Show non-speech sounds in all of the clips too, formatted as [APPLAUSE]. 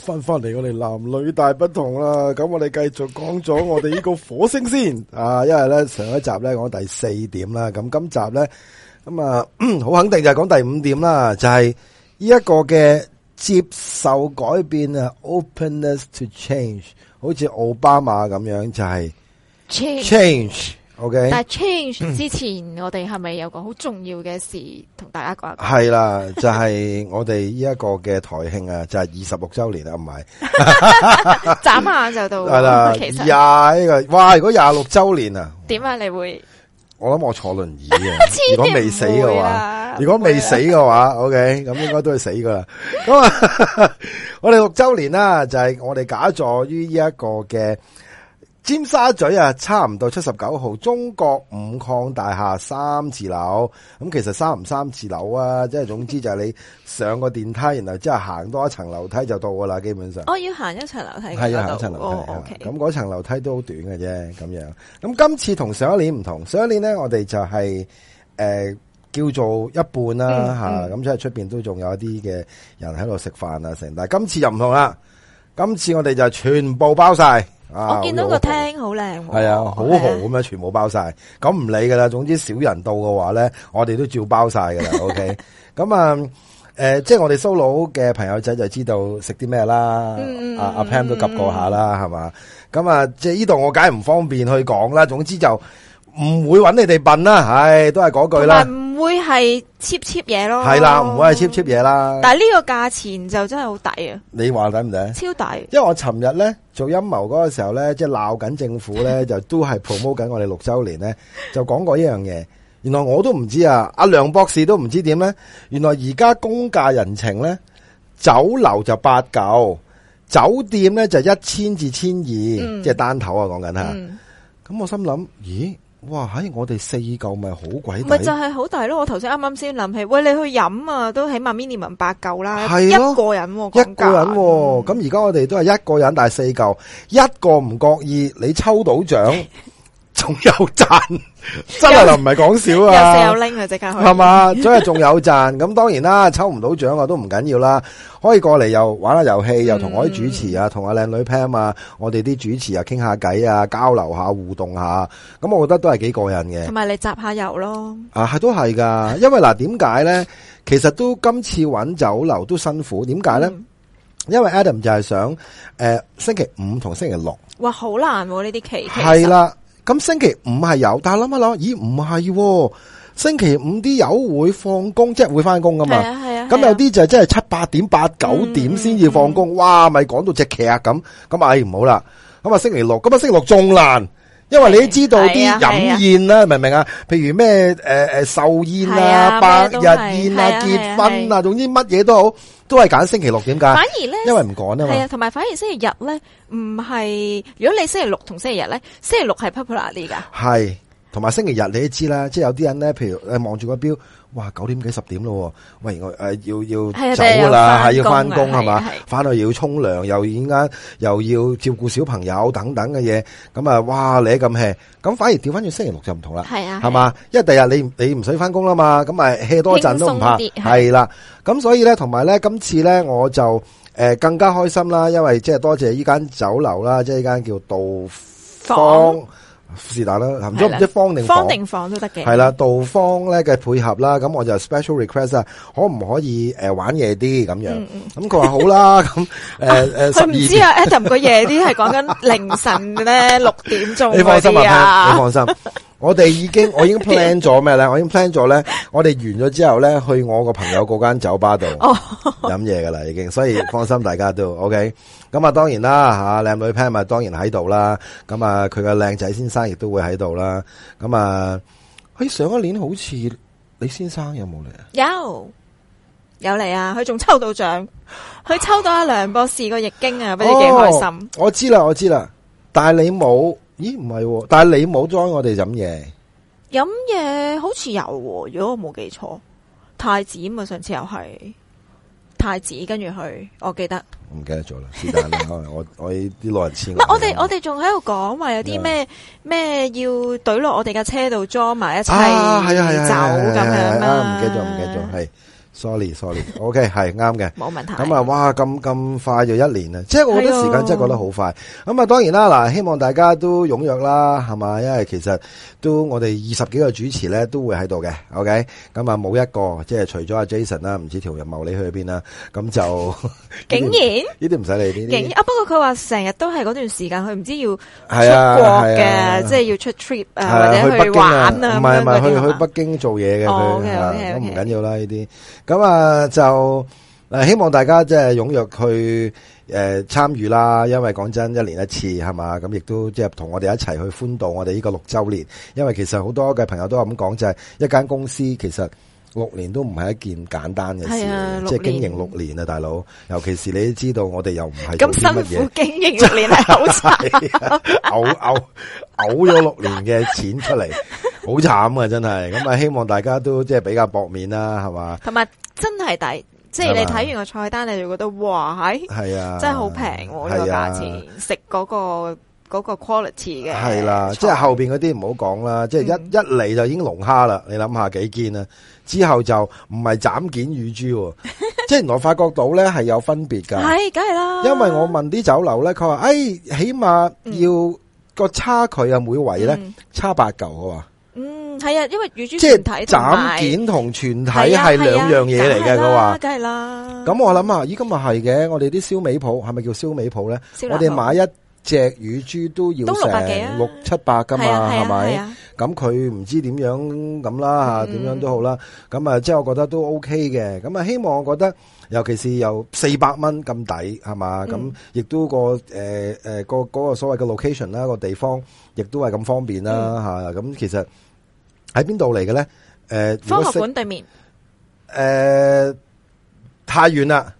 翻翻嚟，我哋男女大不同啦。咁我哋繼續講咗我哋呢個火星先 [LAUGHS] 啊，因為咧上一集咧講第四點啦，咁今集咧咁啊好肯定就係講第五點啦，就係、是、呢一個嘅接受改變啊，openness to change，好似奧巴馬咁樣就係、是、change。Okay, 但係 change 之前，嗯、我哋係咪有個好重要嘅事同大家講？係啦，就係、是、我哋呢一個嘅台慶啊， [LAUGHS] 就係二十六周年啊，唔係，眨下眼就到係啦。的其實廿呢、這個，哇！如果廿六周年啊，點解？你會我諗我坐輪椅嘅， [LAUGHS] 病如果未死嘅話，如果未死嘅話會，OK，咁應該都會死噶啦。咁啊，我哋六周年啦，就係、是、我哋假助於呢一個嘅。尖沙咀啊，差唔多七十九號中國五礦大廈三字樓，咁其實三唔三字樓啊，即係總之就係你上個電梯，然後之後行多一層樓梯就到噶啦， [LAUGHS] 基本上。我、哦、要行一層樓梯，梯，係啊、哦，行一層樓梯。咁嗰層樓梯都好短嘅啫，咁樣。咁今次同上一年唔同，上一年呢，我哋就係、是、誒、呃、叫做一半啦、啊、吓，咁即係出邊都仲有一啲嘅人喺度食飯啊成，但係今次就唔同啦，今次我哋就全部包晒。我見到個廳好靚，係啊，好豪咁樣全部包曬，咁唔理噶啦。總之少人到嘅話咧，我哋都照包晒噶啦。OK，咁啊，誒，即係我哋蘇佬嘅朋友仔就知道食啲咩啦。阿阿 Pam 都及過下啦，係嘛？咁啊，即係呢度我梗係唔方便去講啦。總之就唔會搵你哋笨啦。唉，都係嗰句啦。會係 cheap cheap 嘢咯，係啦，唔會係 cheap cheap 嘢啦。但係呢個價錢就真係好抵啊！你話抵唔抵？超抵！因為我尋日咧做陰謀嗰個時候咧，即係鬧緊政府咧， [LAUGHS] 就都係 promote 緊我哋六周年咧，就講過一樣嘢。原來我都唔知啊，阿梁博士都唔知點咧。原來而家公價人情咧，酒樓就八九，酒店咧就一千至千二，嗯，即係單頭啊，講緊啊。咁、嗯、我心諗，咦？哇！喺我哋四嚿咪好鬼，咪就係好大咯！我頭先啱啱先諗起，喂你去飲啊，都起碼 minimum 八嚿啦，啊、一個人、啊、一個人咁、啊，而家我哋都係一個人，但係四嚿，一個唔覺意你抽到獎，仲 [LAUGHS] 有賺。 [LAUGHS] 真係又唔係講笑啊，有食又拎啊，即刻係嘛，再係仲有讚。咁， [LAUGHS] 當然啦，抽唔到獎啊都唔緊要啦，可以過嚟又玩下遊戲，嗯、又同我啲主持啊，同阿靚女 Pam 啊，我哋啲主持啊傾下偈啊，交流下互動下，咁我覺得都係幾過癮嘅，同埋你集下遊咯，啊，都係噶，因為嗱，點解咧？其實都今次揾酒樓都辛苦，點解咧？嗯、因為 Adam 就係想誒、呃，星期五同星期六，哇，好難呢、啊、啲期係啦。咁星期五係有，但係諗一諗，咦唔係、啊？星期五啲友會放工，即、就、係、是、會翻工噶嘛？係啊係啊。咁、啊、有啲就真係七八點、八九點先至放工，嗯嗯、哇！咪講到只劇啊咁咁，唉唔、欸、好啦。咁啊星期六，咁啊星期六仲難，因為你知道啲飲宴啦，啊啊、明唔明啊？譬如咩誒誒壽宴啊、啊百日宴啊、啊結婚啊，啊啊啊總之乜嘢都好。都係揀星期六點解？反而咧，因為唔趕啊嘛。係啊，同埋反而星期日咧，唔係。如果你星期六同星期日咧，星期六係 popular 啲噶。係，同埋星期日你都知啦，即係有啲人咧，譬如誒望住個錶。哇，九點幾十點咯，喂，我誒要要走啦，係要翻工係嘛，翻去要沖涼，又而家又要照顧小朋友等等嘅嘢，咁啊，哇，你咁 hea，咁反而調翻轉星期六就唔同啦，係啊，係嘛，因為第日你你唔使翻工啦嘛，咁啊 hea 多一陣都唔怕，係啦，咁所以咧，同埋咧，今次咧，我就誒更加開心啦，因為即係多謝依間酒樓啦，即係依間叫杜方。是但啦，咁都唔知方定房定房都得嘅。係啦，道方咧嘅配合啦，咁我就 special request 啊，可唔可以誒玩夜啲咁樣？咁佢話好啦，咁誒誒十二。佢唔知啊，Adam 個夜啲係講緊凌晨咧六點鐘嗰啲啊，你放心。我哋已經我已經 plan 咗咩咧？我已經 plan 咗咧，我哋完咗之後咧，去我個朋友嗰間酒吧度飲嘢噶啦，已經，所以放心，大家都 OK。咁啊，當然啦，吓靚女 Pan 咪當然喺度啦。咁啊，佢個靚仔先生亦都會喺度啦。咁、嗯、啊，佢、哎、上一年好似李先生有冇嚟啊？有，有嚟啊！佢仲抽到獎，佢抽到阿梁博士個易經啊，俾你幾開心。我知啦，我知啦，但係你冇。咦，唔係喎，但係你冇裝我哋飲嘢，飲嘢好似有、哦，如果我冇記錯，太子嘛上次又係太子，跟住去，我記得，我唔記得咗啦。是但，我我啲老人痴我。我哋我哋仲喺度講話有啲咩咩要懟落我哋嘅車度裝埋一齊，係啊，係啊，走咁樣啦。唔記得，唔記得咗，係。嗎 sorry sorry，OK 係啱嘅，冇問題。咁啊，哇咁咁快就一年啦，即係我覺得時間真係過得好快。咁啊，當然啦，嗱，希望大家都踴躍啦，係嘛，因為其實都我哋二十幾個主持咧都會喺度嘅，OK。咁啊，冇一個即係除咗阿 Jason 啦，唔知條人茂你去咗邊啦，咁就竟然呢啲唔使理呢啲。啊，不過佢話成日都係嗰段時間，佢唔知要係啊，係啊，即係要出 trip 啊，或者去玩啊，唔係唔係去去北京做嘢嘅。哦，OK OK OK，唔緊要啦呢啲。咁啊，就嗱，希望大家即係踴躍去誒參與啦，因為講真，一年一次係嘛，咁亦都即係同我哋一齊去歡度我哋呢個六周年。因為其實好多嘅朋友都係咁講，就係一間公司其實。六年都唔係一件簡單嘅事，即係經營六年啊，大佬。尤其是你知道我哋又唔係咁辛苦經營六年係好慘，係好慘，嘔嘔嘔咗六年嘅錢出嚟，好慘 [LAUGHS] 啊！真係。咁啊，希望大家都即係比較薄面啦、啊，係嘛？同埋真係抵，即、就、係、是、你睇完個菜單，吧你就覺得哇，係、哎、係啊，真係好平個價錢，啊、食嗰、嗰個。嗰個 quality 嘅係啦，即係後面嗰啲唔好講啦，嗯、即係一嚟就已經龍蝦啦，你諗下幾堅啊？之後就唔係斬件乳豬， [LAUGHS] 即係原來發覺到呢係有分別㗎，係梗係啦。因為我問啲酒樓呢，佢話，哎，起碼要個、嗯、差距啊，每圍呢，差八嚿嘅話，嗯，係呀，因為乳豬即係斬件同全體係兩樣嘢嚟嘅啦，佢話，梗係啦。咁我諗下，依家咪係嘅，我哋啲燒味舖，係咪叫燒味舖呢？我哋買一隻乳豬都要成六七百噶嘛，係咪？咁佢唔知點樣咁啦，點樣都好啦。咁啊，即係我覺得都 OK 嘅。咁啊，希望我覺得，尤其是有四百蚊咁抵，係嘛？咁亦都個誒誒個嗰個所謂嘅 location 啦，個地方亦都係咁方便啦，吓咁其實喺邊度嚟嘅咧？誒，科學館對面。誒，太遠啦。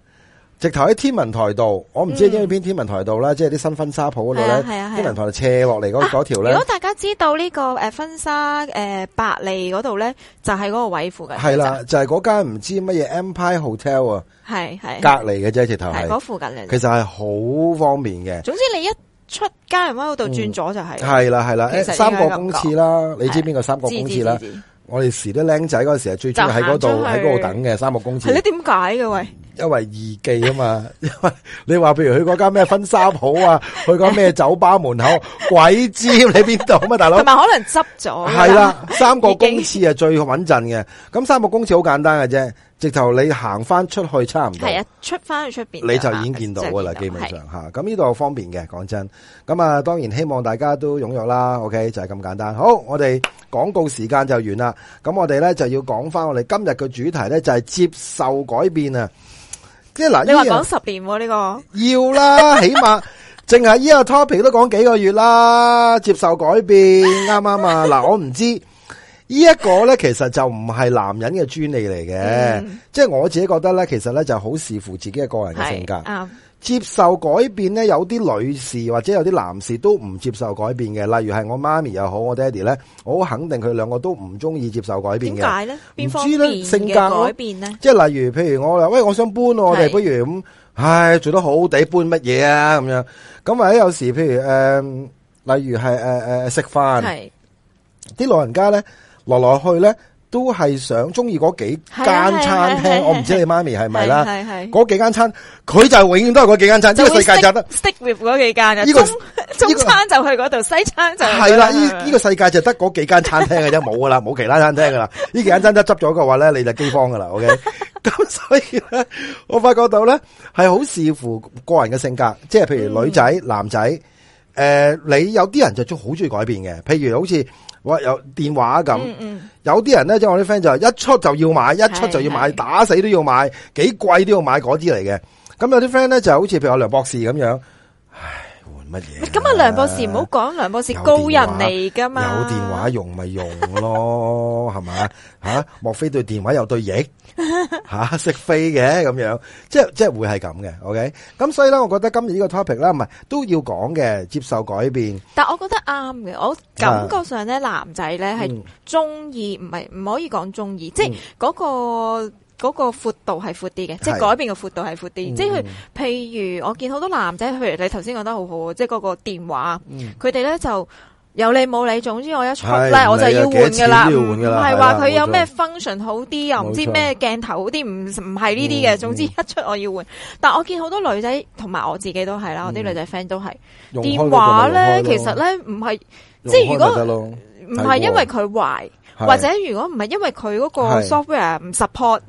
直頭喺天文台度，我唔知喺邊天文台度啦，即係啲新婚紗鋪嗰度咧。天文台斜落嚟嗰嗰條咧。如果大家知道呢個誒婚紗誒百利嗰度咧，就喺嗰個位附近。係啦，就係嗰間唔知乜嘢 Empire Hotel 啊。係係隔籬嘅啫，直頭係嗰附近嚟。其實係好方便嘅。總之你一出嘉林灣嗰度轉左就係。係啦係啦，三個公廁啦，你知邊個三個公廁啦？我哋時都僆仔嗰時係最中意喺嗰度喺嗰度等嘅三個公廁。係咧，點解嘅喂？因為二記啊嘛， [LAUGHS] 因為你話譬如去嗰間咩婚紗鋪啊， [LAUGHS] 去嗰咩酒吧門口， [LAUGHS] 鬼知你邊度啊嘛，大佬。同埋可能執咗。係啦，啊，三個公廁係最穩陣嘅。咁 [LAUGHS] 三個公廁好簡單嘅啫，直頭你行翻出去差唔多。係啊，出翻去出邊你就已經見到噶啦，了基本上吓。咁呢度方便嘅，講真。咁啊，當然希望大家都踴躍啦。OK，就係咁簡單。好，我哋廣告時間就完啦。咁我哋咧就要講翻我哋今日嘅主題咧，就係接受改變啊！即你話講十年呢、啊、個要啦， [LAUGHS] 起碼淨係依個 topic 都講幾個月啦，接受改變啱啱啊？嗱， [LAUGHS] 我唔知呢一、個咧，其實就唔係男人嘅專利嚟嘅，嗯、即係我自己覺得咧，其實咧就好視乎自己嘅個人性格。接受改變咧，有啲女士或者有啲男士都唔接受改變嘅。例如係我媽咪又好，我爹哋咧，我好肯定佢兩個都唔中意接受改變嘅。點解咧？邊方面嘅改變咧？即係例如，譬如我話：喂，我想搬、啊、是我哋，不如咁，唉，做得好好哋搬乜嘢啊？咁樣。咁或者有時，譬如誒、呃，例如係誒、呃呃、食飯，啲是老人家咧，落落去咧。都係想中意嗰幾間餐廳，我唔知你媽咪係咪啦。嗰幾間餐，佢就永遠都係嗰幾間餐。呢個世界就得 stick with 嗰幾間嘅。呢個中餐就去嗰度，西餐就係啦。呢呢個世界就得嗰幾間餐廳嘅啫，冇噶啦，冇其他餐廳噶啦。呢幾間餐一執咗嘅話咧，你就飢荒噶啦。OK，咁所以咧，我發覺到咧係好視乎個人嘅性格，即係譬如女仔、男仔，誒，你有啲人就中好中意改變嘅，譬如好似。話有電話咁，嗯嗯有啲人咧即係我啲 friend 就一出就要買，一出就要買，是是打死都要買，幾貴都要買嗰啲嚟嘅。咁有啲 friend 咧就好似譬如話梁博士咁樣，唉，換乜嘢？咁啊，梁博士唔好講，梁博士高人嚟噶嘛，有電話用咪用咯，係咪？ [LAUGHS] 吓、啊，莫非對電話有對譯？吓識飛嘅咁樣，即係即係會係咁嘅。OK，咁所以咧，我覺得今日呢個 topic 啦，唔係都要講嘅，接受改變。但我覺得啱嘅，我感覺上咧男仔咧係中意，唔係唔可以講中意，即係嗰、嗰個嗰、嗯嗰個闊、嗰個、度係闊啲嘅，即係改變嘅闊度係闊啲。的嗯、即係譬如我見好多男仔，譬如你頭先講得好好，即係嗰個電話，佢哋咧就。有理冇理，總之我一出咧，我就要換噶啦，唔係話佢有咩 function 好啲，又唔錯知咩鏡頭好啲，唔唔係呢啲嘅，嗯嗯、總之一出我要換。但係我見好多女仔同埋我自己都係啦，我啲女仔 friend 都係、嗯、電話咧，其實咧唔係，即係如果唔係因為佢壞，過或者如果唔係因為佢嗰個 software 唔 support，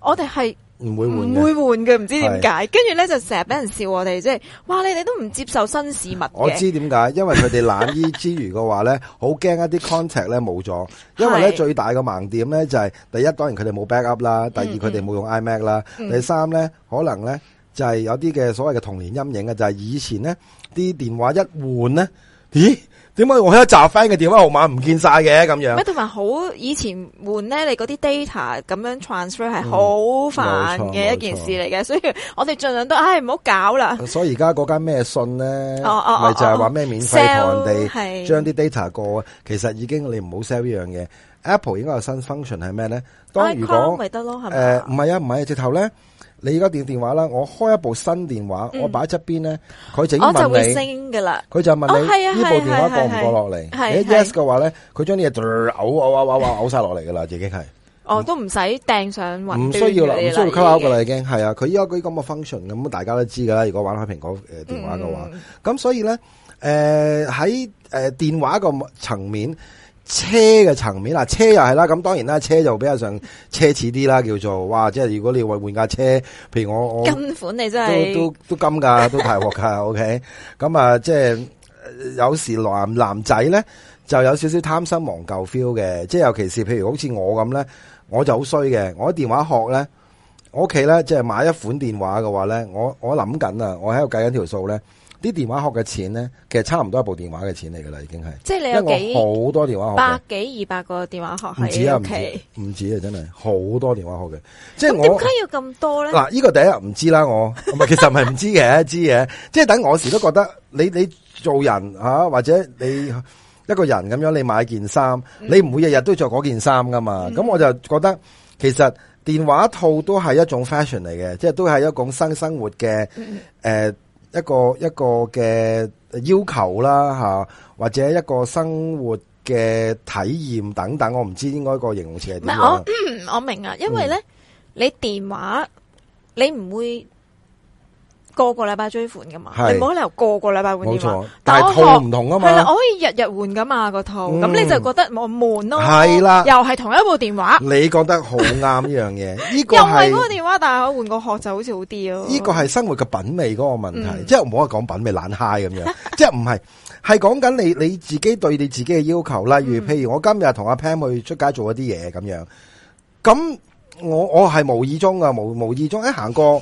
我哋係。唔會換，唔會換嘅，唔知點解。跟住咧就成日俾人笑我哋，即係，哇！你哋都唔接受新事物嘅。我知點解，因為佢哋懶於之餘嘅話咧，好驚 [LAUGHS] 一啲 contact 咧冇咗。因為咧是 最大嘅盲點咧就係、是，第一當然佢哋冇 backup 啦，第二佢哋冇用 iMac 啦，第三咧可能咧就係、是、有啲嘅所謂嘅童年陰影嘅，就係、是、以前呢啲電話一換咧，咦？點解我喺一紮 friend 嘅電話號碼唔見晒嘅咁樣？乜同埋好以前換咧，你嗰啲 data 咁樣 transfer 係好煩嘅一件事嚟嘅，嗯、所以我哋盡量都唉唔好搞啦。所以而家嗰間咩信咧，咪就係話咩免費同人哋將啲 data 過，其實已經你唔好 sell 呢樣嘢。Apple 應該有新 function 係咩咧？當如果得誒唔係啊唔係啊直頭咧，你而家電電話啦，我開一部新電話，我擺喺側邊咧，佢整就會升噶啦。佢就問你呢部電話過唔過落嚟？你 yes 嘅話咧，佢將啲嘢嘔嘔嘔嘔嘔晒落嚟噶啦，已經係哦，都唔使掟上雲端唔需要啦，唔需要 cut out 噶啦，已經係啊。佢依家啲咁嘅 function 咁，大家都知噶啦。如果玩開蘋果誒電話嘅話，咁所以咧，誒喺誒電話個層面。車嘅層面啦，車又係啦，咁當然啦，車就比較上奢侈啲啦，叫做哇，即係如果你要換架車，譬如我我金款你真，就，係，是，都都，都金噶，都大鑊噶，OK，咁啊，即係有時男男仔咧就有少少貪新忘舊 feel 嘅，即係尤其是譬如好似我咁咧，我就好衰嘅，我喺電話殼呢，咧，我屋企咧即係買一款電話嘅話咧，我我諗緊啊，我喺度計緊條數咧。啲電話殼嘅錢咧，其實差唔多一部電話嘅錢嚟噶啦，已經係。即係你有幾好多電話殼？百幾二百個電話殼係 OK？唔止啊，唔止啊，真係好多電話殼嘅。即係我點解要咁多咧？嗱、啊、呢、這個第一日唔知啦，我唔係，其實唔係唔知嘅， [LAUGHS] 知嘅。即係等我時都覺得，你你做人吓、啊、或者你一個人咁樣，你買件衫，你唔會日日都着嗰件衫噶嘛。咁、嗯、我就覺得，其實電話套都係一種 fashion 嚟嘅，即係都係一種新生活嘅誒。嗯呃一個一個嘅要求啦，吓、啊、或者一個生活嘅體驗等等，我唔知應該個形容詞係點。唔係我、嗯、我明啊，因為咧、嗯、你電話你唔會。個個禮拜追款噶嘛，你冇可能個個禮拜換電話，但係套唔同啊嘛。係啦，我可以日日換噶嘛，個套，咁你就覺得我悶咯。係啦，又係同一部電話，你覺得好啱呢樣嘢？呢個又唔係嗰個電話，但係我換個殼就好似好啲咯。呢個係生活嘅品味嗰個問題，即係唔好講品味懶嗨咁樣，即係唔係係講緊你你自己對你自己嘅要求啦。如譬如我今日同阿 Pam 去出街做一啲嘢咁樣，咁我我係無意中噶，無無意中一行過。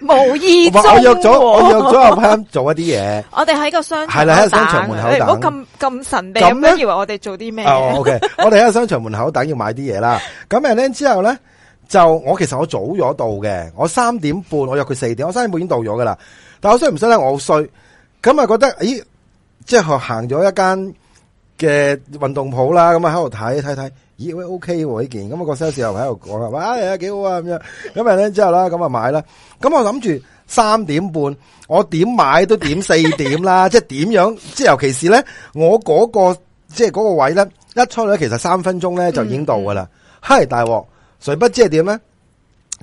冇意中，啊，我約咗我約咗阿潘做一啲嘢，我哋喺個商係啦，喺商場門口等，唔好咁咁神秘咁樣，以為我哋做啲咩？O K，我哋喺商場門口等，要買啲嘢啦。咁誒咧之後咧，就我其實我早咗到嘅，我三點半我約佢四點，我三點半已經到咗噶啦。但我衰唔衰咧？我好衰，咁啊覺得，咦，即係行咗一間。嘅運動褲啦，咁啊喺度睇睇睇，咦喂 OK 喎、啊、呢件，咁、那、啊個 sales 又喺度講啦，哇、哎、幾好啊咁樣，咁啊咧之後啦，咁啊買啦，咁我諗住三點半，我點買都點四點啦， [LAUGHS] 即係點樣，即係尤其是咧，我嗰、那個即係嗰個位咧，一出咧其實三分鐘咧就已經到噶啦，嗨、嗯，大鑊，誰不知係點咧？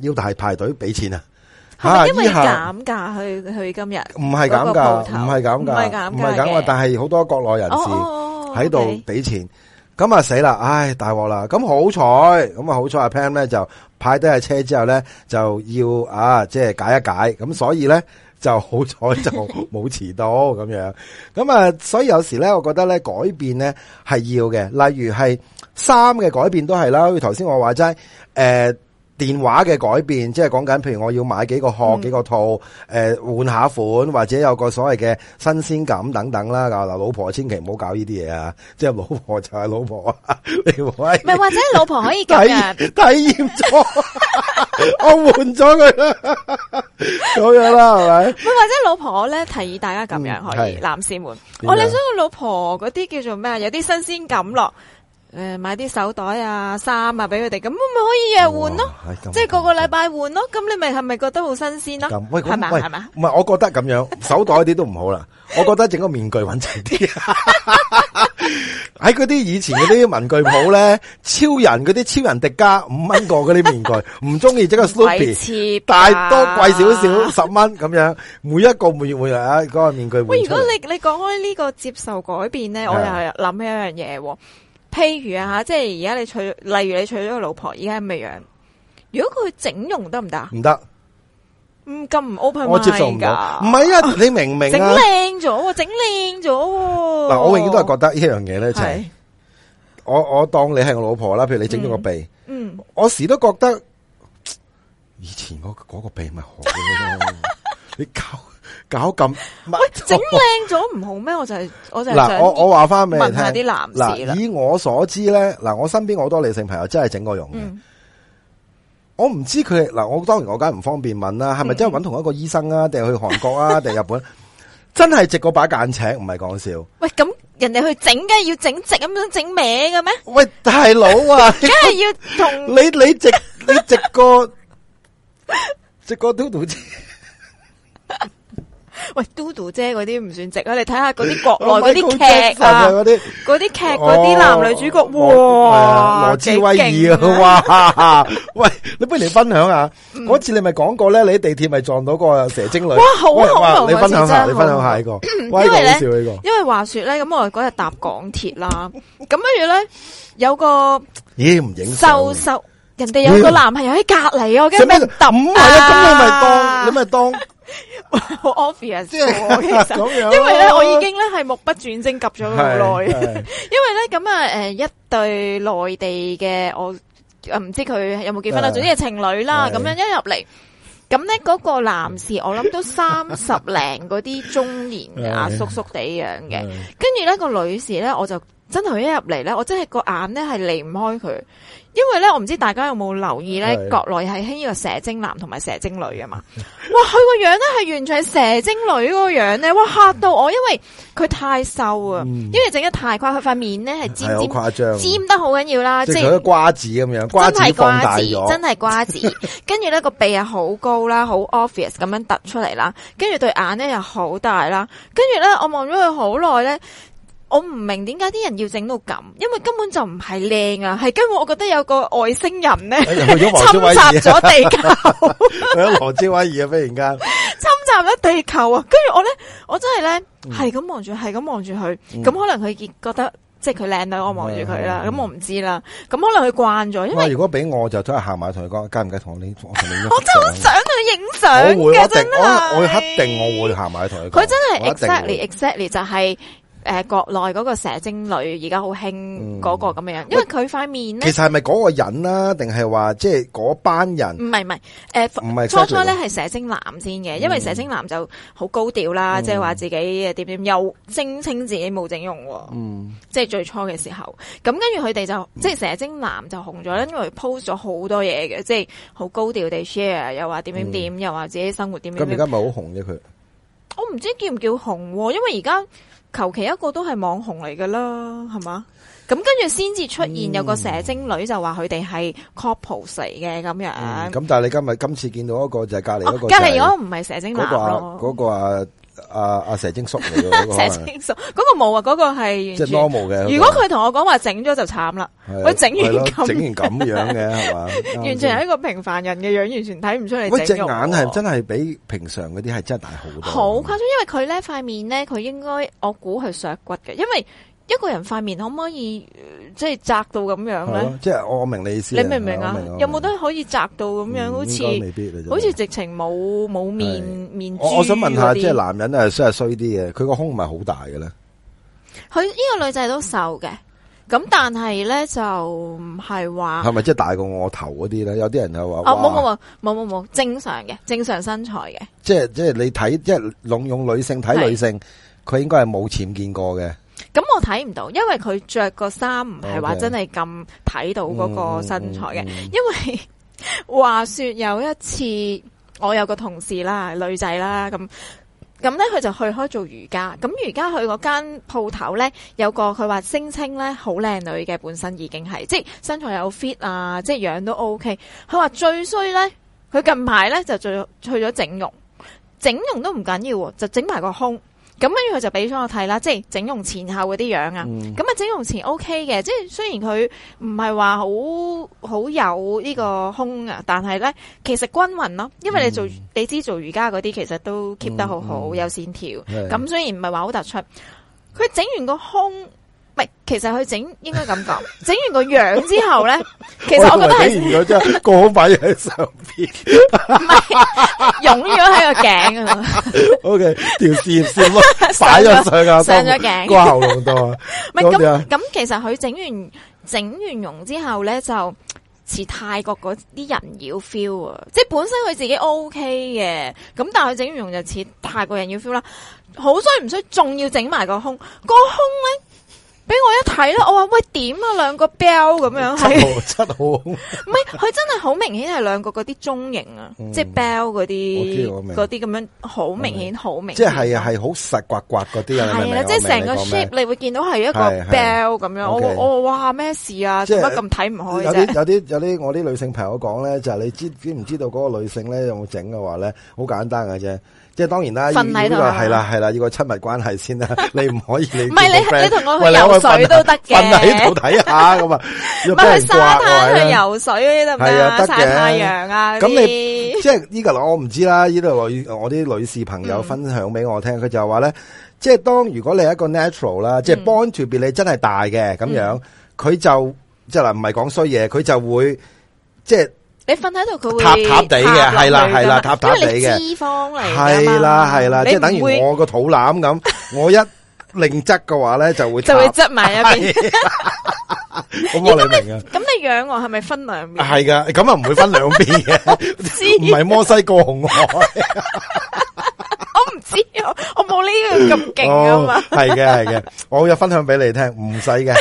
要大排隊俾錢啊！吓，因為減價下去去今日唔係減價，唔係減價，唔係減價，但係好多國內人士。哦哦哦喺度俾錢，咁啊死啦！唉，大鑊啦！咁好彩，咁啊好彩阿 Pam 咧就派低架車之後咧就要啊，即係解一解，咁所以咧就好彩就冇遲到咁 [LAUGHS] 樣。咁啊，所以有時咧，我覺得咧改變咧係要嘅，例如係三嘅改變都係啦。好似頭先我話齋誒。呃電話嘅改變，即係講緊，譬如我要買幾個殼，嗯、幾個套，誒、呃、換下款，或者有個所謂嘅新鮮感等等啦。嗱，老婆千祈唔好搞呢啲嘢啊，即係老婆就係老婆啊，你唔係？唔係、或者老婆可以咁樣體驗咗，驗 [LAUGHS] [LAUGHS] 我換咗佢，啦 [LAUGHS] [LAUGHS] ，咁樣啦係咪？唔係或者老婆咧提議大家咁樣可以，男士、嗯、們，我樣、oh, 你想個老婆嗰啲叫做咩？有啲新鮮感咯。誒，買啲手袋啊、衫啊，俾佢哋咁，咪可以日換咯，即係個個禮拜換咯。咁你咪係咪覺得好新鮮咯？係咪？係咪？唔係，我覺得咁樣手袋啲都唔好啦。我覺得整個面具穩陣啲。喺嗰啲以前嗰啲文具鋪咧，超人嗰啲超人迪迦五蚊個嗰啲面具，唔中意整個 Snoopy，但多貴少少十蚊咁樣，每一個每月每日呀嗰個面具。喂，如果你你講開呢個接受改變咧，我又諗起一樣嘢。譬如啊，吓，即係而家你娶，例如你娶咗個老婆，而家係咩樣？如果佢整容得唔得？唔得，唔咁唔 open 我接 n 唔到。唔係啊，啊，你明明整靚咗，整靚咗。嗱、啊，我永遠都係覺得樣呢樣嘢咧，就係、是、是我我當你係我老婆啦。譬如你整咗個鼻，嗯，嗯我時都覺得以前嗰嗰個鼻咪好咯， [LAUGHS] 你教。搞咁喂，整靚咗唔好咩、 [LAUGHS] 就是？我就係我就係想問下啲男士啦。 [LAUGHS] 以我所知咧，嗱，我身邊好多女性朋友真係整過容嘅。嗯、我唔知佢嗱，我當然我梗係唔方便問啦。係咪真係搵同一個醫生啊？定係去韓國啊？定係日本？ [LAUGHS] 真係直過把間尺，唔係講笑。喂，咁人哋去整梗係要整直咁樣整名嘅咩？啊、喂，大佬啊，梗係 [LAUGHS] 要同 [LAUGHS] 你你直你直個，直個都喂，嘟嘟姐嗰啲唔算值啊！你睇下嗰啲國內嗰啲劇啊，嗰啲嗰啲劇嗰啲男女主角哇，幾勁啊！哇，喂，你不如嚟分享下嗰次，你咪講過咧，你喺地鐵咪撞到個蛇精女哇，好啊，你分享下，你分享下呢個，因為咧，因為話說咧，咁我嗰日搭港鐵啦，咁跟住咧有個咦唔影收收，人哋有個男朋友喺隔籬，我驚抌係，啊，咁你咪當，你咪當。好 obvious，因為咧，我已經咧係目不轉睛 𥄫 咗好耐。因為咧咁啊，誒一對內地嘅，我唔知佢有冇結婚啦，總之係情侶啦。咁樣一入嚟，咁咧嗰個男士，我諗都三十零嗰啲中年阿叔叔哋樣嘅，跟住咧個女士咧，我就。真係我一入嚟咧，我真係個眼咧係離唔開佢，因為咧我唔知大家有冇留意咧，是的 國內係興呢個蛇精男同埋蛇精女噶嘛。 [LAUGHS] 哇女？哇，佢個樣咧係完全係蛇精女嗰個樣咧，哇嚇到我，因為佢太瘦啊，嗯、因為整得太誇張，佢塊面咧係尖尖，尖得好緊要啦，即係瓜子咁樣，瓜子放大咗，真係瓜子。跟住咧個鼻係好高啦，好 obvious 咁樣突出嚟啦，跟住對眼咧又好大啦，跟住咧我望咗佢好耐咧。我唔明點解啲人要整到咁，因為根本就唔係靚啊，係根本我覺得有個外星人咧侵襲咗地球。去咗羅志偉二啊！忽然間侵襲咗地球啊！跟住我咧，我真係咧係咁望住，係咁望住佢。咁可能佢亦覺得即係佢靚女，我望住佢啦。咁我唔知啦。咁可能佢慣咗，因為如果俾我就真係行埋同佢講，介唔介同我呢？我真係好想去影相。我會一定，我我肯定我會行埋同佢。佢真係 exactly exactly 就係。誒、呃，國內嗰個蛇精女而家好興嗰個咁樣，嗯、因為佢塊面咧，其實係咪嗰個人啦、啊，定係話即係嗰班人？唔係唔係，誒，呃、唔係初初咧係蛇精男先嘅，嗯、因為蛇精男就好高調啦，即係話自己點點點，又聲稱自己冇整容、啊，喎、嗯，即係最初嘅時候。咁跟住佢哋就即係、嗯、蛇精男就紅咗啦，因為 post 咗好多嘢嘅，即係好高調地 share，又話點點點，嗯、又話自己生活點、啊。咁而家咪好紅啫，佢？我唔知叫唔叫紅、啊，因為而家。求其一個都係網紅嚟噶啦，係嘛？咁跟住先至出現有個蛇精女，就話佢哋係 couple 嚟嘅咁樣。咁但係你今日今次見到一個就係隔籬一個，隔籬如果唔係蛇精女咯，嗰個啊。哦阿阿蛇精叔嚟嘅，蛇精叔嗰是個冇啊，嗰、嗰個係即係 normal 嘅。如果佢同我講話整咗就慘啦，對我整完咁，整完咁樣嘅係嘛， [LAUGHS] 完全係一個平凡人嘅樣， [LAUGHS] 完全睇唔出嚟整容。隻眼係真係比平常嗰啲係真係大好多，好誇張，因為佢咧塊面咧，佢應該我估係削骨嘅，因為。一個人塊面可唔可以即係窄到咁樣咧？即係我明你意思。你明唔明啊？有冇得可以窄到咁樣？好似未必，好似直情冇冇面面珠。我想問下，即係男人啊，衰係衰啲嘅，佢個胸唔係好大嘅咧？佢呢個女仔都瘦嘅，咁但係咧就唔係話係咪即係大過我頭嗰啲咧？有啲人就話冇冇冇冇冇冇正常嘅正常身材嘅。即係即係你睇即係用用女性睇女性，佢應該係冇淺見過嘅。我睇唔到，因為佢着個衫唔係話真係咁睇到嗰個身材嘅。Okay. 嗯嗯、因為話說有一次，我有個同事啦，女仔啦，咁咁咧，佢就去開做瑜伽。咁瑜伽去嗰間鋪頭咧，有個佢話聲稱咧好靚女嘅，本身已經係即係身材有 fit 啊，即係樣都 OK。佢話最衰咧，佢近排咧就做去咗整容，整容都唔緊要，就整埋個胸。咁跟住佢就俾咗我睇啦，即係整容前後嗰啲樣啊。咁啊、嗯，整容前 OK 嘅，即係雖然佢唔係話好好有呢個胸啊，但係咧其實均勻咯，因為你做、嗯、你知做瑜伽嗰啲其實都 keep 得好好，嗯嗯、有線條。咁的雖然唔係話好突出，佢整完個胸。唔係，其實佢整應該咁講，整完個樣之後咧，其實我覺得係整完咗，即係個尾喺上邊，唔係，攏咗喺個頸啊。O K。條線線甩咗上架，上咗頸過喉嚨度啊。唔係咁咁，其實佢整完整完容之後咧，就似泰國嗰啲人妖 feel 啊。即係本身佢自己 O K 嘅，咁但係佢整完容就似泰國人妖 feel 啦。好衰唔衰？仲要整埋個胸，個胸咧。俾我一睇咧，我話喂點啊，兩個 bell 咁樣係七號七號唔係佢真係好明顯係兩個嗰啲鐘形啊，即係 bell 嗰啲嗰啲咁樣，好明顯，好明，即係係好實刮刮嗰啲啊，係啊，即係成個 shape 你會見到係一個 bell 咁樣，我我話咩事啊，即係乜咁睇唔開有啲有啲我啲女性朋友講咧，就係你知知唔知道嗰個女性咧有冇整嘅話咧，好簡單嘅啫。即係當然啦，呢個係啦係啦，要個親密關係先啦，你唔可以你唔係你你同我去游水都得嘅，瞓喺度睇下咁啊，去沙灘去游水得唔得啊？曬太陽啊！咁你即係呢個我唔知啦，呢度女我啲女士朋友分享俾我聽，佢就話咧，即係當如果你係一個 natural 啦，即係 born to be 你真係大嘅咁樣，佢就即係嗱，唔係講衰嘢，佢就會即係。你瞓喺度佢會塌塌地嘅，係啦係啦，塌塌地嘅，脂肪嚟，係啦係啦，即係等於我個肚腩咁，我一擰側嘅話咧就會就會擠埋一邊，我話你明啊？咁你仰臥係咪分兩邊？係噶，咁啊唔會分兩邊嘅，唔係摩西過紅海。我唔知啊，我冇呢樣咁勁啊嘛。係嘅係嘅，我有分享俾你聽，唔使嘅。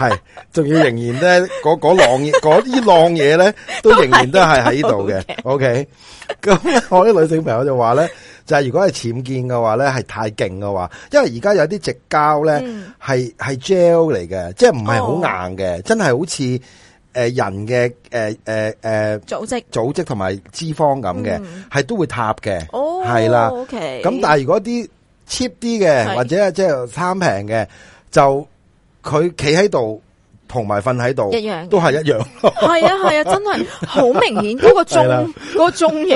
係，仲要仍然咧，嗰嗰浪，嗰啲浪嘢咧，都仍然都係喺度嘅。O K，咁我啲女性朋友就話咧，就係如果係僭建嘅話咧，係太勁嘅話，因為而家有啲直膠咧，係係 gel 嚟嘅，即係唔係好硬嘅，真係好似誒人嘅誒誒誒組織組織同埋脂肪咁嘅，係都會塌嘅。哦，係啦。O K，咁但係如果啲 cheap 啲嘅或者即係貪平嘅就。佢企喺度，同埋瞓喺度一樣，都係一樣。係啊係啊，真係好明顯。嗰、嗰個鐘，嗰 [LAUGHS] 的個鐘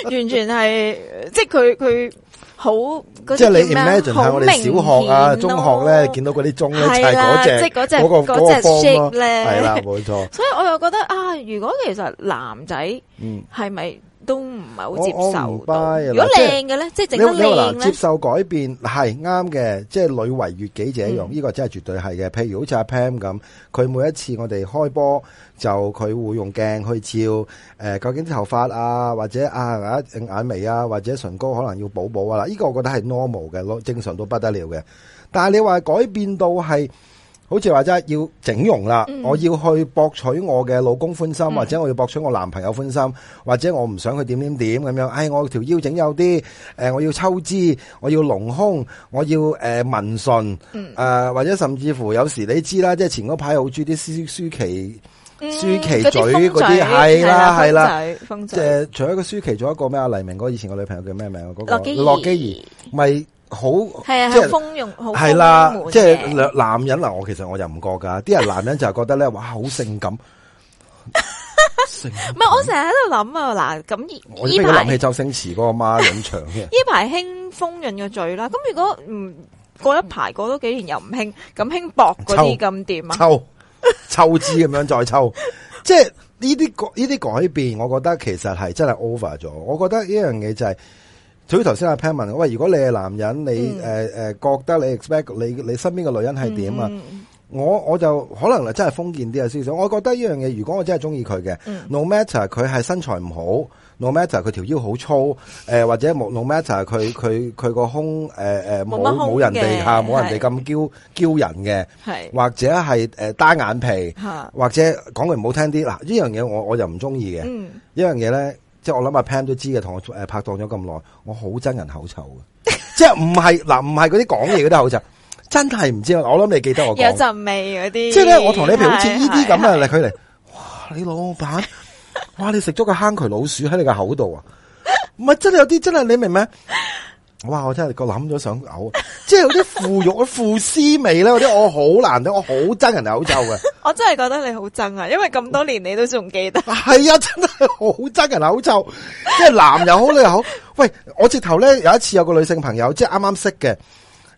形完全係，即係佢佢好。嗰個、即係你 imagine 喺我哋小學啊、中學呢，見到嗰啲鐘咧，係嗰隻，即係嗰隻嗰隻 shape 咧，係啦，冇錯。錯所以我又覺得啊，如果其實男仔、嗯，係咪？都唔係好接受。如果靚嘅咧，即係是整得靚咧，接受改變係啱嘅。即係女為悅己者容，呢、嗯、個真係絕對係嘅。譬如好似阿 Pam 咁，佢每一次我哋開波就佢會用鏡去照誒、呃，究竟啲頭髮啊或者啊眼眼眉啊，或者，啊或者唇膏可能要補補啊啦。呢、這個我覺得係 normal 嘅，正常到不得了嘅。但係你話改變到係。好似話真係要整容啦，我要去博取我嘅老公歡心，或者我要博取我男朋友歡心，或者我唔想佢點點點咁樣。哎，我條腰整有啲，誒，我要抽脂，我要隆胸，我要誒紋唇誒，或者甚至乎有時你知啦，即係前嗰排好中意啲舒舒淇、舒淇嘴嗰啲，係啦係啦，即係除咗個舒淇，仲有一個咩啊黎明哥以前個女朋友叫咩名？嗰個洛基兒咪。好係啊，係豐潤，係啦，即係男人嗱，我其實我就唔覺噶，啲人男人就係覺得咧，哇，好性感，唔係，我成日喺度諗啊，嗱，咁依依排諗起周星馳嗰個孖潤長嘅，依排興豐潤嘅嘴啦，咁如果唔過一排，過多幾年又唔興，咁興薄嗰啲咁點啊？抽抽脂咁樣再抽，即係呢啲呢啲改變，我覺得其實係真係 over 咗。我覺得呢樣嘢就係。至於頭先阿 Pam 喂，如果你係男人，你誒誒、嗯呃、覺得你 expect 你你身邊嘅女人係點啊？嗯、我我就可能真係封建啲嘅思想。我覺得呢樣嘢，如果我真係中意佢嘅，no matter 佢係身材唔好，no matter 佢條腰好粗，誒或者 no matter 佢佢佢個胸誒誒冇冇人哋嚇冇人哋咁嬌嬌人嘅，或者係誒單眼皮，的或者講句唔好聽啲嗱，依、啊、樣嘢我我就唔中意嘅。嗯、這樣呢樣嘢咧。即係我諗阿 Pan 都知嘅，同我誒拍檔咗咁耐，我好憎人口臭 [LAUGHS] 即係唔係嗱，唔係嗰啲講嘢嗰啲口臭，真係唔知啊！我諗你記得我講有陣味嗰啲。即係咧，我同你譬如好似呢啲咁嘅佢嚟，哇！你老闆， [LAUGHS] 哇！你食咗個坑渠老鼠喺你嘅口度啊？唔係 [LAUGHS] 真係有啲真係，你明咩？哇！我真係個諗咗想嘔 [LAUGHS] 即係嗰啲腐肉、腐屍味咧，嗰啲我好難得，我好憎人口臭嘅。我真係覺得你好憎啊！因為咁多年 [LAUGHS] 你都仲記得。係啊，真係好憎人口臭， [LAUGHS] 即係男又好，女又好。喂，我直頭咧有一次有一個女性朋友，即係啱啱識嘅。誒、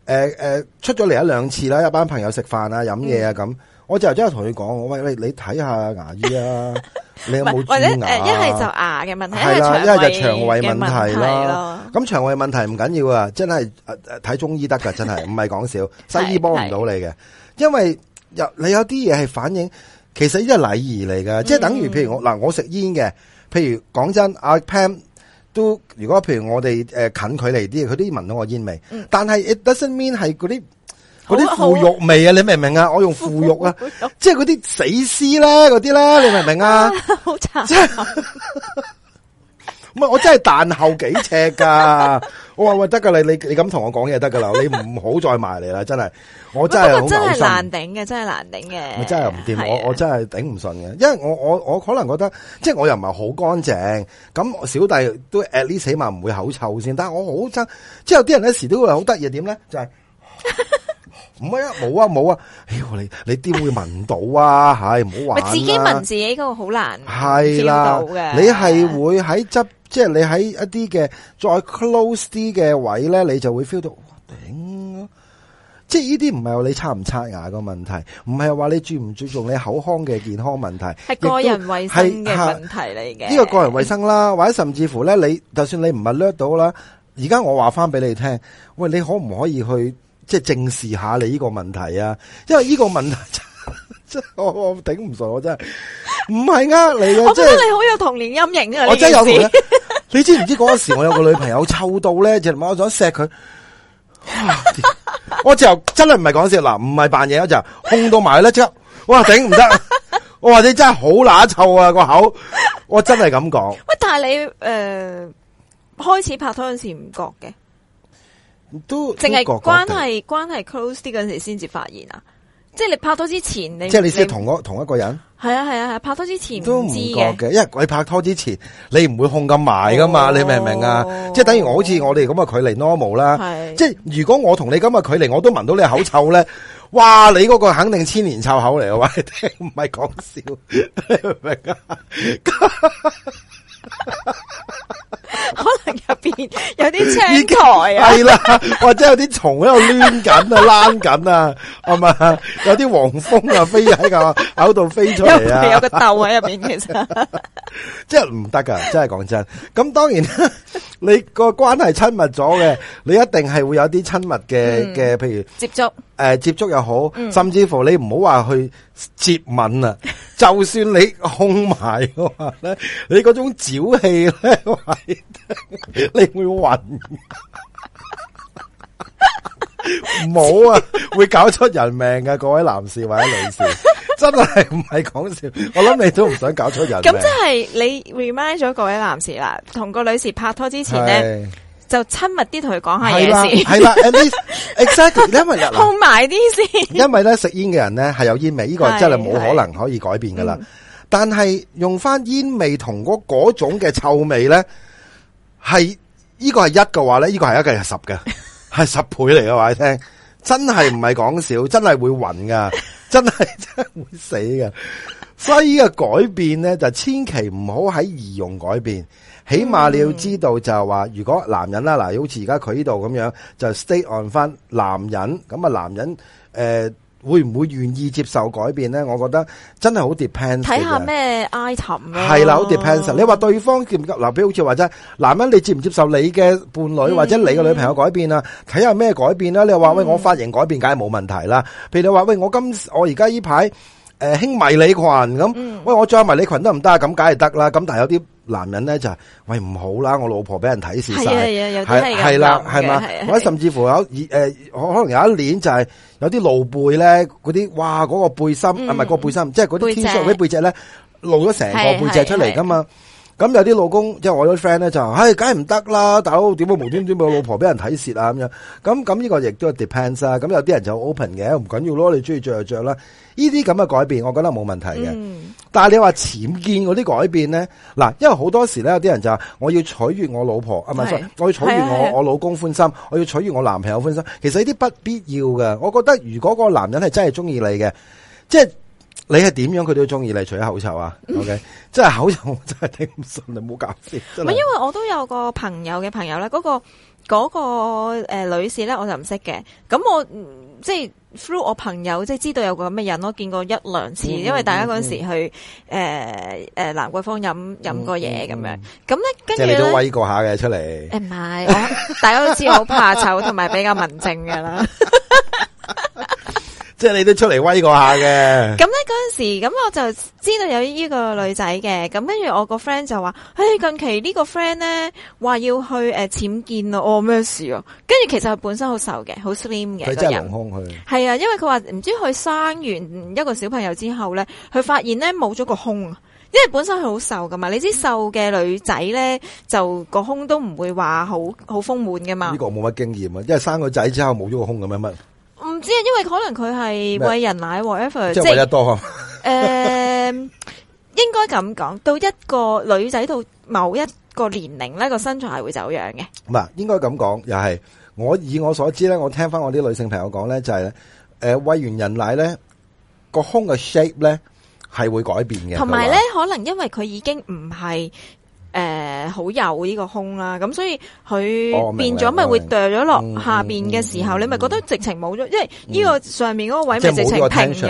呃、誒、呃，出咗嚟一兩次啦，一班朋友食飯啊、飲嘢啊咁。我就真係同佢講，我喂你，你睇下牙醫啊， [LAUGHS] 你有冇蛀、啊、牙？一係就牙嘅問題，一啦一係就腸胃問題。咁腸胃問題唔緊要啊，真係睇中醫得噶，真係唔係講笑。 [LAUGHS] 西醫幫唔到你嘅， [LAUGHS] 是因為有你有啲嘢係反映，其實呢啲係禮儀嚟㗎，即係、嗯、等於譬如、嗯、我嗱，我食煙嘅，譬如講真，阿 pam 都如果譬如我哋誒、呃、近距離啲，佢都聞到我煙味。嗯、但係 it doesn't mean 係嗰啲嗰啲腐肉味啊， [LAUGHS] 你明唔明啊？我用腐肉啊，即係嗰啲死屍咧，嗰啲咧，你明唔明啊？好慘。唔係我真係彈後幾尺噶， [LAUGHS] 我話喂得噶你你你咁同我講嘢得噶啦，你唔好再埋嚟啦，真係我真係好嘔心。真係難頂嘅，真係難頂嘅。真係唔掂，我我真係頂唔順嘅，因為我我我可能覺得即係我又唔係好乾淨，咁小弟都 at least 起碼唔會口臭先，但係我好憎，即係有啲人一時都會好得意，點咧就係、是。 [LAUGHS] 唔係啊，冇啊，冇啊！呀，你你點會聞到啊？係唔好玩、啊？我自己聞自己嗰個好難係啦嘅。你係會喺執，是的 即係你喺一啲嘅再 close 啲嘅位咧，你就會 feel 到頂、啊。即係呢啲唔係話你刷唔刷牙嘅問題，唔係話你注唔注重你口腔嘅健康問題，係個人衛生嘅問題嚟嘅。呢、這個個人衛生啦，或者甚至乎咧，你就算你唔係掠到啦，而家我話翻俾你聽，喂，你可唔可以去？即係正視下你呢個問題啊，因為呢個問題真係我我頂唔順，我真係唔係呃你嘅。我覺得你好有童年陰影啊！你我真係有童年。你知唔知嗰陣時我有個女朋友臭到咧，就 [LAUGHS] 我想錫佢。我就真係唔係講笑嗱，唔係扮嘢，我就控到埋咧出。哇，頂唔得！我話 [LAUGHS] 你真係好乸臭啊，個口，我真係咁講。喂、呃，但係你誒開始拍拖嗰陣時唔覺嘅。都淨係關係關係 close 啲嗰陣時先至發現啊！即係你拍拖之前，你即係你先同我同一個人。係啊係啊係！拍拖之前都唔知嘅，因為喺拍拖之前你唔會控咁埋噶嘛，你明唔明啊？即係等於我好似我哋咁嘅距離 normal 啦。即係如果我同你咁嘅距離，我都聞到你口臭咧，哇！你嗰個肯定千年臭口嚟嘅話，唔係講笑，明啊？有啲青苔啊， [LAUGHS] 係啦，或者有啲蟲喺度攣緊啊、躝緊啊，係嘛，有啲黃蜂啊飛喺個口度飛出嚟啊，有，有個竇喺入邊，其實即係唔得噶，真係講真。咁當然啦。你個關係親密咗嘅，你一定係會有啲親密嘅嘅，嗯，譬如接觸觸、呃，誒接觸又好，嗯，甚至乎你唔好話去接吻啊，就算你空埋嘅話咧，你嗰種沼氣咧， [LAUGHS] [LAUGHS] 你會暈暈。 [LAUGHS] [LAUGHS] 冇 [LAUGHS] 啊，會搞出人命啊。各位男士或者女士， [LAUGHS] 真係唔係講笑。我諗你都唔想搞出人命。咁即係你 remind 咗各位男士啦，同個女士拍拖之前咧，的就親密啲同佢講下嘢事。係啦，exactly，因為濃埋啲先。 [LAUGHS] 因為咧食煙嘅人咧係有煙味，呢個真係冇可能可以改變噶啦。的但係用翻煙味同嗰種種嘅臭味咧，係呢個係一嘅話咧，呢個係一個係十嘅。係十倍嚟嘅話，你聽，真係唔係講笑， [LAUGHS] 真係會暈噶真係真係會死嘅。所以呢個改變咧，就千祈唔好喺易容改變，起碼你要知道就係話，如果男人啦，嗱，好似而家佢呢度咁樣，就 stay on 翻男人，咁啊男人誒。呃會唔會願意接受改變咧？我覺得真係好 dependent 睇下咩 item。係啦，好 dependent。你話對方接唔接譬如好似話真男人，你接唔接受你嘅伴侶或者你嘅女朋友改變啊？睇下咩改變啦。你話喂，我髮型改變梗係冇問題啦。譬如你話喂，我今我而家呢排。誒，興迷你裙咁，喂，我着迷你裙都唔得，咁梗係得啦。咁但係有啲男人咧就，喂唔好啦，我老婆俾人睇視晒，係係啦，係嘛，或者甚至乎有，誒，可能有一年就係有啲露背咧，嗰啲哇嗰個背心，唔係個背心，即係嗰啲 T 恤嗰啲背脊咧，露咗成個背脊出嚟噶嘛。咁有啲老公即係我啲 friend 咧就，唉、哎，梗係唔得啦，大佬點會無端端冇老婆俾人睇蝕啊咁樣？咁咁呢個亦都係 depends 啊！咁有啲人就 open 嘅，唔緊要咯，你中意着就着啦。呢啲咁嘅改變，我覺得冇問題嘅。嗯、但係你話僭建嗰啲改變咧，嗱，因為好多時咧有啲人就話，我要取悅我老婆啊，咪的我要取悅我我老公歡心，我要取悅我男朋友歡心。其實呢啲不必要嘅。我覺得如果個男人係真係中意你嘅，即係。你係點樣佢都中意你，除咗口臭啊？O K，即係口臭我真係頂唔順，你唔好搞事。唔係，因為我都有一個朋友嘅朋友咧，嗰、那個、那個誒、呃、女士咧，我就唔識嘅。咁我、嗯、即係 through 我朋友即係知道有個咁嘅人，我見過一兩次，因為大家嗰陣時去誒誒、呃呃、蘭桂坊飲飲過嘢咁、嗯、樣。咁咧跟住你都威過一下嘅出嚟出來。誒唔係，大家都知好怕醜，同埋 [LAUGHS] 比較文靜嘅啦。即係你都出嚟威過下嘅。咁咧嗰陣時，咁我就知道有呢個女仔嘅。咁跟住我個 friend 就話：誒、欸，近期個呢個 friend 咧話要去誒僭建咯，哦咩事哦、啊？跟住其實本身好瘦嘅，好 slim 嘅。佢真係隆胸去。係啊人他，因為佢話唔知佢生完一個小朋友之後咧，佢發現咧冇咗個胸啊，因為本身佢好瘦噶嘛。你知瘦嘅女仔咧，就個胸都唔會話好好豐滿噶嘛。呢個冇乜經驗啊，因為生個仔之後冇咗個胸咁樣乜。唔知啊，因為可能佢係餵人奶 whatever，即係餵得多嗬。誒，應該咁講，到一個女仔到某一個年齡咧，個身材係會走樣嘅。嗱，應該咁講，又係我以我所知咧，我聽翻我啲女性朋友講咧，就係咧，誒，餵完人奶咧，個胸嘅 shape 咧係會改變嘅。同埋咧，可能因為佢已經唔係。誒，好有呢個胸啦，咁所以佢變咗咪會掉咗落下邊嘅時候，你咪覺得直情冇咗，因為呢個上面嗰個位咪直情平咗，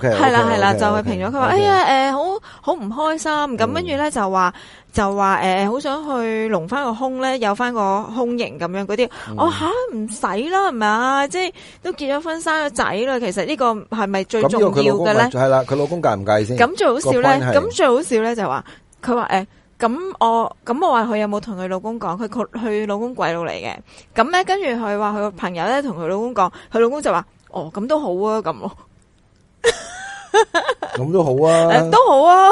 係啦係啦，就係平咗。佢話哎呀，誒，好好唔開心，咁跟住咧就話就話誒，好想去隆翻個胸咧，有翻個胸型咁樣嗰啲，我吓唔使啦，係咪啊？即係都結咗婚生咗仔啦，其實呢個係咪最重要嘅咧？係啦，佢老公介唔介意先？咁最好笑咧，咁最好笑咧就話佢話誒。咁我咁我話佢有冇同佢老公講，佢佢老公鬼佬嚟嘅，咁咧跟住佢話佢個朋友咧同佢老公講，佢老公就話，哦咁都好啊咁咯，咁、啊、 [LAUGHS] 都好啊，都好啊，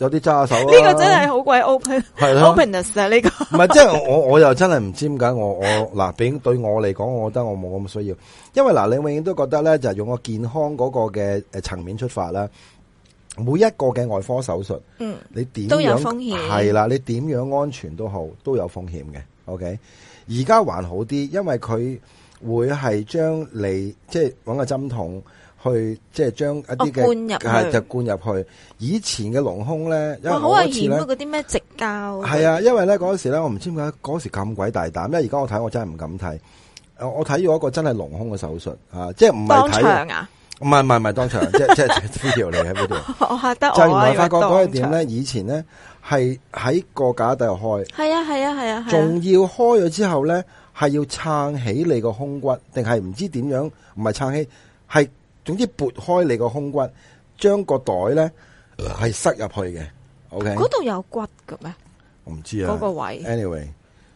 有啲揸手，呢個真係好鬼 open，openness 啊呢、啊這個，唔係即係我我又真係唔知點解我我嗱，對、對我嚟講，我覺得我冇咁需要，因為嗱你永遠都覺得咧就係用個健康嗰個嘅誒層面出發啦。每一個嘅外科手術，嗯，你點都有風險？係啦？你點樣安全都好，都有風險嘅。OK，而家還好啲，因為佢會係將你即係揾個針筒去，即係將一啲嘅、哦、就灌入去。以前嘅隆胸咧，因為哇，好危險啊！嗰啲咩直交。係啊，因為咧嗰時咧，我唔知點解嗰時咁鬼大膽，因為而家我睇，我真係唔敢睇。誒，我睇到一個真係隆胸嘅手術啊，即係唔係睇啊。唔係唔係唔係當場， [LAUGHS] 即 video, [LAUGHS] 即係資料嚟喺嗰度。就原來發覺嗰係點咧？以前咧係喺個架底開。係啊係啊係啊。仲、啊啊啊、要開咗之後咧，係要撐起你個胸骨，定係唔知點樣？唔係撐起，係總之撥開你個胸骨，將個袋咧係、呃、塞入去嘅。O K，嗰度有骨㗎咩？我唔知啊。嗰個位。Anyway，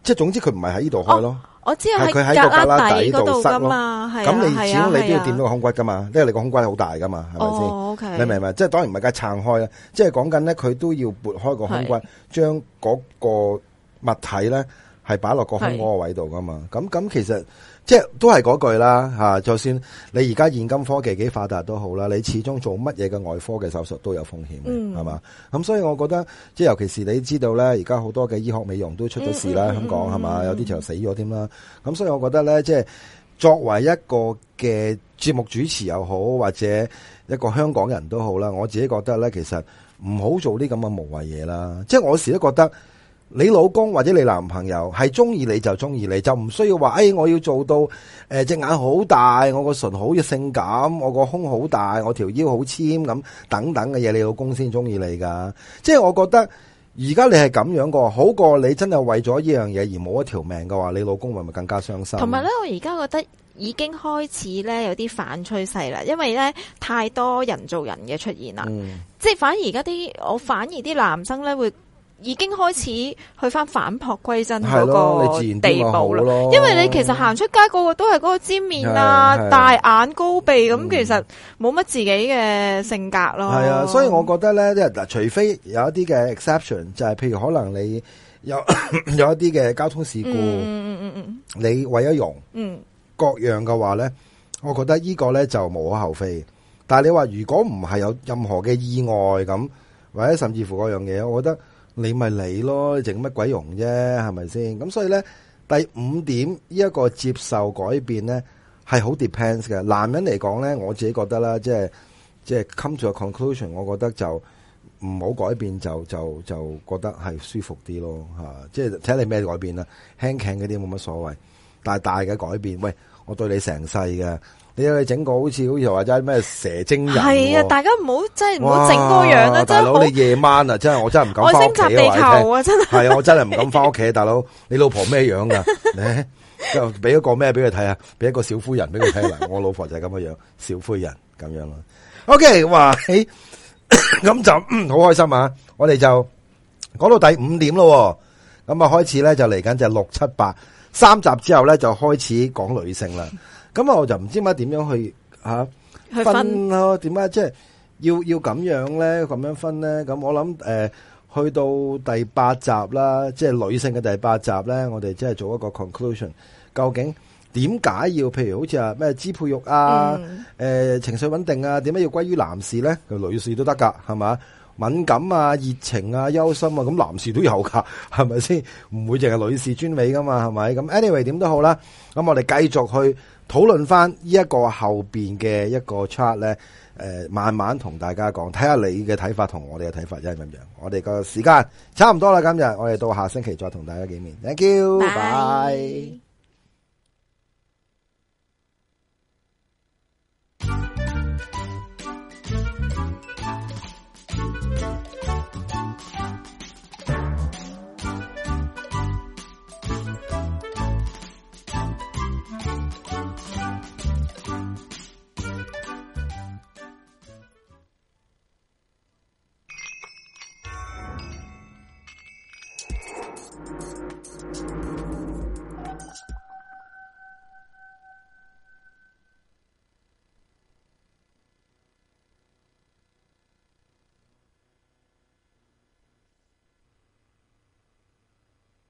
即係總之佢唔係喺呢度開咯。啊我知係佢喺個旮旯底度塞囉。咁你始終你都要掂到個胸骨噶嘛，啊啊、因為你個胸骨好大噶嘛，係咪先？你 okay 明唔明？即係當然唔係梗撐開啦，即係講緊咧，佢都要撥開個胸骨，將嗰是的 個物體咧係擺落個胸骨個位度噶嘛，咁咁是的 其實。即係都係嗰句啦，吓、啊、就算你而家現今科技幾發達都好啦，你始終做乜嘢嘅外科嘅手術都有風險，係嘛、嗯？咁所以我覺得，即係尤其是你知道咧，而家好多嘅醫學美容都出咗事啦，嗯嗯嗯嗯，香港係嘛？有啲就死咗添啦。咁所以我覺得咧，即係作為一個嘅節目主持又好，或者一個香港人都好啦，我自己覺得咧，其實唔好做啲咁嘅無謂嘢啦。即係我時都覺得。你老公或者你男朋友係中意你就中意你，就唔需要話，誒、哎，我要做到誒隻、呃、眼好大，我個唇好性感，我個胸好大，我條腰好纖咁等等嘅嘢，你老公先中意你噶。即係我覺得而家你係咁樣過，好過你真係為咗呢樣嘢而冇一條命嘅話，你老公會唔會更加傷心？同埋咧，我而家覺得已經開始咧有啲反趨勢啦，因為咧太多人造人嘅出現啦，嗯、即係反而而家啲我反而啲男生咧會。已經開始去翻反璞歸真嗰個地步啦，因為你其實行出街個、嗰個都係嗰個尖面啊、大眼高鼻咁，嗯、其實冇乜自己嘅性格咯。係啊，所以我覺得咧，即係嗱，除非有一啲嘅 exception，就係譬如可能你有 [COUGHS] 有一啲嘅交通事故，嗯嗯、你為咗容、嗯、各樣嘅話咧，我覺得呢個咧就無可厚非。但係你話如果唔係有任何嘅意外咁，或者甚至乎嗰樣嘢，我覺得。你咪你咯，你整乜鬼用啫，係咪先？咁所以咧，第五點呢一個接受改變咧，係好 depends 嘅。男人嚟講咧，我自己覺得啦，即係即係 come to a conclusion，我覺得就唔好改變就，就就就覺得係舒服啲咯。吓、啊，即係睇你咩改變啦，輕輕嗰啲冇乜所謂，但係大嘅改變，喂。我對你成世㗎！你你整個好似好似話齋咩蛇精人係啊！大家唔好真係唔好整嗰樣啊！大佬，你夜晚啊，真係我真係唔敢翻屋企啊！真係係啊！我真係唔敢翻屋企，大佬，你老婆咩樣噶？就俾 [LAUGHS] 一個咩俾佢睇啊！俾一個小夫人俾佢睇下。我老婆就係咁嘅樣，小夫人咁樣咯。OK，哇，咁就好開心啊！我哋就講到第五點咯，咁啊開始咧就嚟緊就六七八。三集之後咧，就開始講女性啦。咁 [LAUGHS] 啊，我分、啊、就唔知點解點樣去吓分咯。點解即係要要咁樣咧？咁樣分咧？咁我諗誒、呃，去到第八集啦，即、就、係、是、女性嘅第八集咧，我哋即係做一個 conclusion。究竟點解要譬如好似啊咩支配欲啊，誒、嗯呃、情緒穩定啊，點解要歸於男士咧？佢女士都得噶，係嘛？敏感啊、熱情啊、憂心啊，咁男士都有㗎，係咪先？唔會淨係女士專美㗎嘛，係咪？咁 anyway 點都好啦，咁我哋繼續去討論返呢一個後邊嘅一個 chart 咧，誒，慢慢同大家講，睇下你嘅睇法同我哋嘅睇法一係咁樣。我哋個時間差唔多啦，今日我哋到下星期再同大家見面。Thank you，bye。